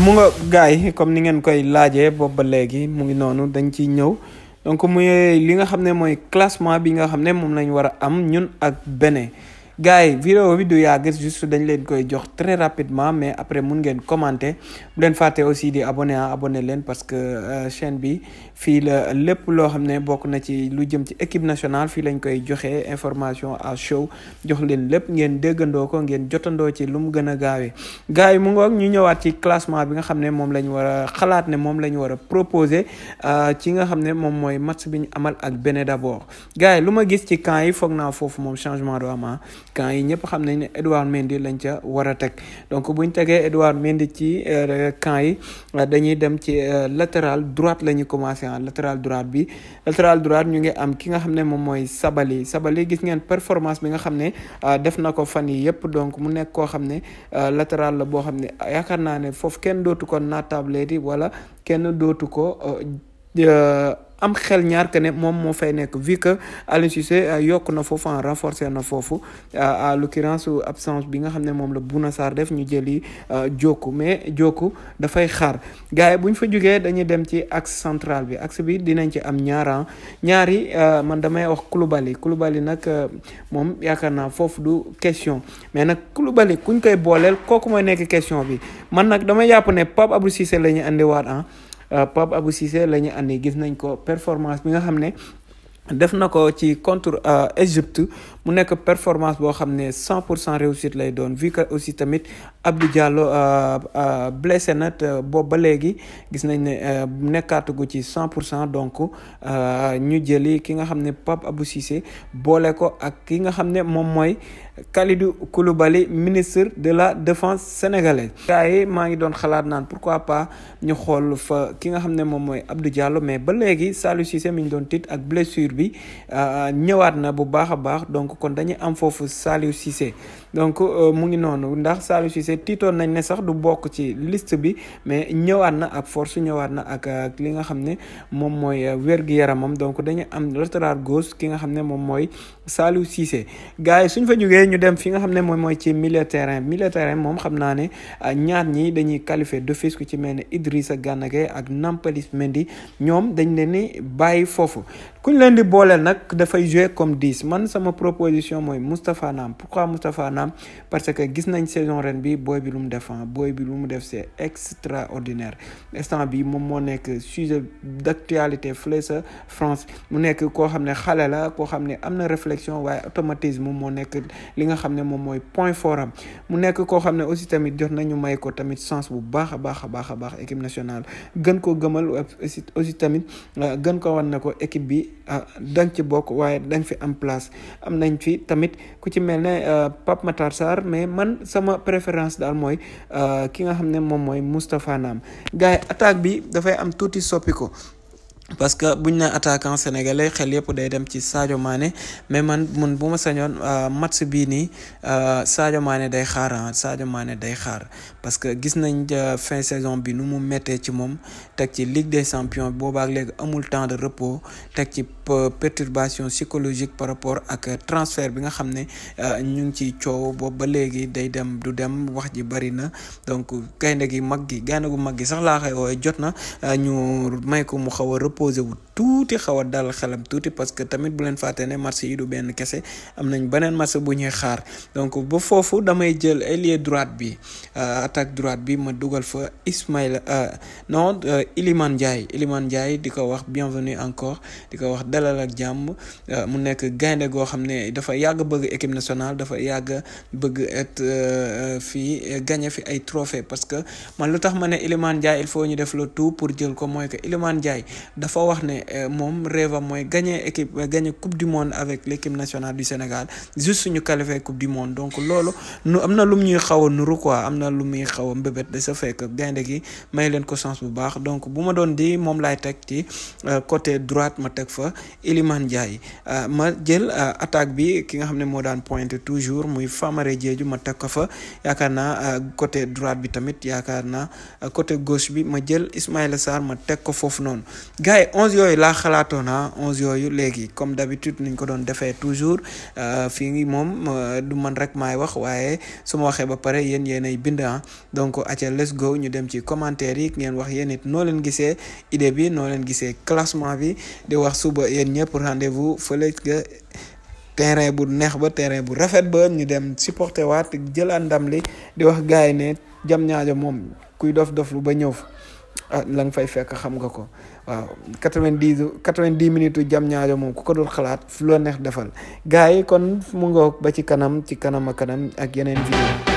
mu nga gars yi comme ni ngeen koy laajee boobu ba léegi mu ngi noonu dañ ciy ñëw donc muy li nga xam ne mooy classement bi nga xam ne moom lañ war a am ñun ak Bénin gars yi vidéo bi du yàgg juste dañ leen koy jox très rapidement mais après mun ngeen commenter bu leen fàtte aussi di abonné ah abonné leen parce que euh, chaîne bi fii la lépp loo xam ne bokk na ci lu jëm ci équipe nationale fii lañ koy joxe information à chaud jox leen lépp ngeen dëggandoo ko ngeen jotandoo ci lu mu gën a gaawee gars yi mu ngoog ñu ñëwaat ci classement bi nga xam ne moom lañ war a xalaat ne moom la ñu war a proposer euh, ci nga xam ne moom mooy match bi ñu amal ak Bénin d'abord gars yi lu ma gis ci camp yi foog naa foofu moom changement do ama ah. camp yi ñëpp xam nañ ne Edouard Mendy lañ ca war a teg donc buñ tegee Edouard Mendy ci kan euh, yi euh, dañuy dem ci euh, latéral droite la ñu commencé en latéral droite bi latéral droite ñu ngi am ki nga xam ne moom mooy Sabali Sabali gis ngeen performance bi nga xam ne def na ko fan yi yëpp donc mu nekk koo xam ne latéral la boo xam ne yaakaar naa ne foofu kenn dootu ko naatable di wala kenn dootu ko am xel ñaar que ne moom moo fay nekk vu que Aliou euh, yokk na foofu en renforcer na foofu euh, à l'occurrence euh, absence bi nga xam ne moom la Bouna Sarr def ñu jëli Diokou mais Diokou dafay xaar gars yi bu ñu fa jógee dañuy dem ci axe central bi axe bi dinañ ci am ñaaran ñaari man damay wax Koulibaly Koulibaly nag moom yaakaar naa foofu du question mais nag Koulibaly kuñ koy booleel kooku mooy nekk question bi man nag damay yàpp ne Pape Abdou Cissé la ñu andiwaat ah Euh, Pape Abou Cissé la ñu andi gis nañ ko performance bi nga xam ne. def na ko ci contre euh, Égypte mu nekk performance boo xam ne cent pour cent réussite lay doon vu que aussi tamit Abdou Diallo euh, blessé na te boobu ba léegi gis nañ ne nekkaatugu ci cent pour cent donc ñu jëli ki nga xam ne Pape Abou Cissé boole ko ak ki nga xam ne moom mooy Kalidou Koulibaly ministre de la défense sénégalaise. gars yi maa ngi doon xalaat naan pourquoi pas ñu xool fa ki nga xam ne moom mooy Abdou Diallo mais ba léegi Saliou Cissé mi doon tiit ak blessure bi euh, ñëwaat na bu baax a baax donc kon dañuy am foofu Saliou Cissé donc euh, mu ngi noonu ndax Saliou Cissé tiitoon nañ ne sax du bokk ci liste bi mais ñëwaat na ak force ñëwaat na ak li nga xam ne moom mooy euh, wér-gu-yaramam donc dañuy am latéral gauche ki nga xam ne moom mooy Saliou Cissé gars yi fa jógee jógee ñu dem fi nga xam ne moom mooy ci milieu terrain milieu terrain moom xam naa ne ah, ñaar ñi dañuy de d'office ku ci mel ne Idrissa sa Gueye ak Nampalys Mendy ñoom dañ leen ni bàyyi foofu kuñ leen di booleel nag dafay jouer comme 10 man sama proposition mooy Moustapha Nam pourquoi Moustapha Nam parce que gis nañ saison ren bi booy bi lu mu def ah, booy bi lu mu def c'est extraordinaire instant bi moom moo nekk sujet d'actualité fële sa France mu nekk koo xam ne xale la koo xam ne am na réflexion waaye automatisme moo nekk li nga xam ne moom mooy point fort mu nekk koo xam ne aussi tamit jot nañu may ko tamit sens bu baax a baax a baax a baax équipe nationale gën koo gëmal euh, aussi tamit euh, gën ko wan ne ko équipe bi euh, dañ ci bokk waaye dañ fi am place am nañ fi tamit ku ci mel ne Pape Matar Sarr mais man sama préférence daal mooy ki nga xam ne moom mooy Moustapha Naam gars yi attaque bi dafay am tuuti soppi ko parce que buñ na attaquant sénégalais xel yëpp day dem ci Sadio maane mais man mun bu ma sañoon euh, match bii nii euh, Sadio Mané day xaar ah Sadio Mané day xaar parce que gis nañ euh, fin saison bi nu mu méttee ci moom teg ci Ligue des champions boobaak léegi amul temps de repos teg ci perturbation psychologique par rapport ak transfert bi nga xam ne ñu ngi ciy coow boobu ba léegi day dem du dem wax ji bari na donc gaynde gi mag gi gaynde gu mag gi sax laa koy woowee jot na ñu may mu xaw a reposé wu tuuti xaw a dal xelam tuuti parce que tamit bu leen fàtte ne marché yi du benn kese am nañ beneen marché bu ñuy xaar donc ba foofu damay jël ailier droite bi euh, attaque droite bi ma dugal fa Ismaïla euh, non euh, Iliman Ndiaye Iliman Ndiaye di ko wax bienvenue encore di ko wax dalal ak jàmm mu nekk gaynde goo xam ne dafa yàgg bëgg équipe nationale dafa yàgg bëgg et fii gagné fi ay trophée parce que man lu tax ma ne Iliman Ndiaye il faut ñu def le tout pour jël ko mooy que Ndiaye dafa wax ne euh, moom rêve mooy gagner équipe euh, gagner coupe du monde avec l'équipe nationale du Sénégal juste suñu qualifier coupe du monde donc loolu nu am na lu ñuy xaw nuru quoi am na lu muy xaw a mbébét de sa fekk gaynde gi may leen ko sens bu baax donc bu ma doon di moom laay teg ci euh, côté droite ma teg fa Iliman Ndiaye ma jël attaque bi ki nga xam ne moo daan pointe toujours muy Famara Diédhiou ma teg ko fa yaakaar naa côté droite bi tamit yaakaar naa côté gauche bi ma jël Ismaïla Sarr ma teg ko foofu noonu gars yi onze yooyu laa xalaatoon ah onze yooyu léegi comme d'habitude niñ ko doon defee toujours euh, fii ngi moom euh, du man rek maay wax waaye su ma waxee ba pare yéen yéenay bind ah donc aca les go ñu dem ci commentaire yi ngeen wax yéen it noo leen gisee idée bi noo leen gisee classement bi di wax suba yéen ñëpp rendez-vous fële ga terrain bu neex ba terrain bu rafet ba ñu dem supporter waat jël ndam li di wax gars yi ne jam ñaajo moom kuy dof doflu ba ñëw fa ah la fay fekk xam nga ko waaw quatre-vingt-dix quatre-vingt-dix jam ñaajo moom ku ko dul xalaat fu la neex defal gars yi kon mu ngoog ba ci kanam ci kanam a kanam ak yeneen vidéo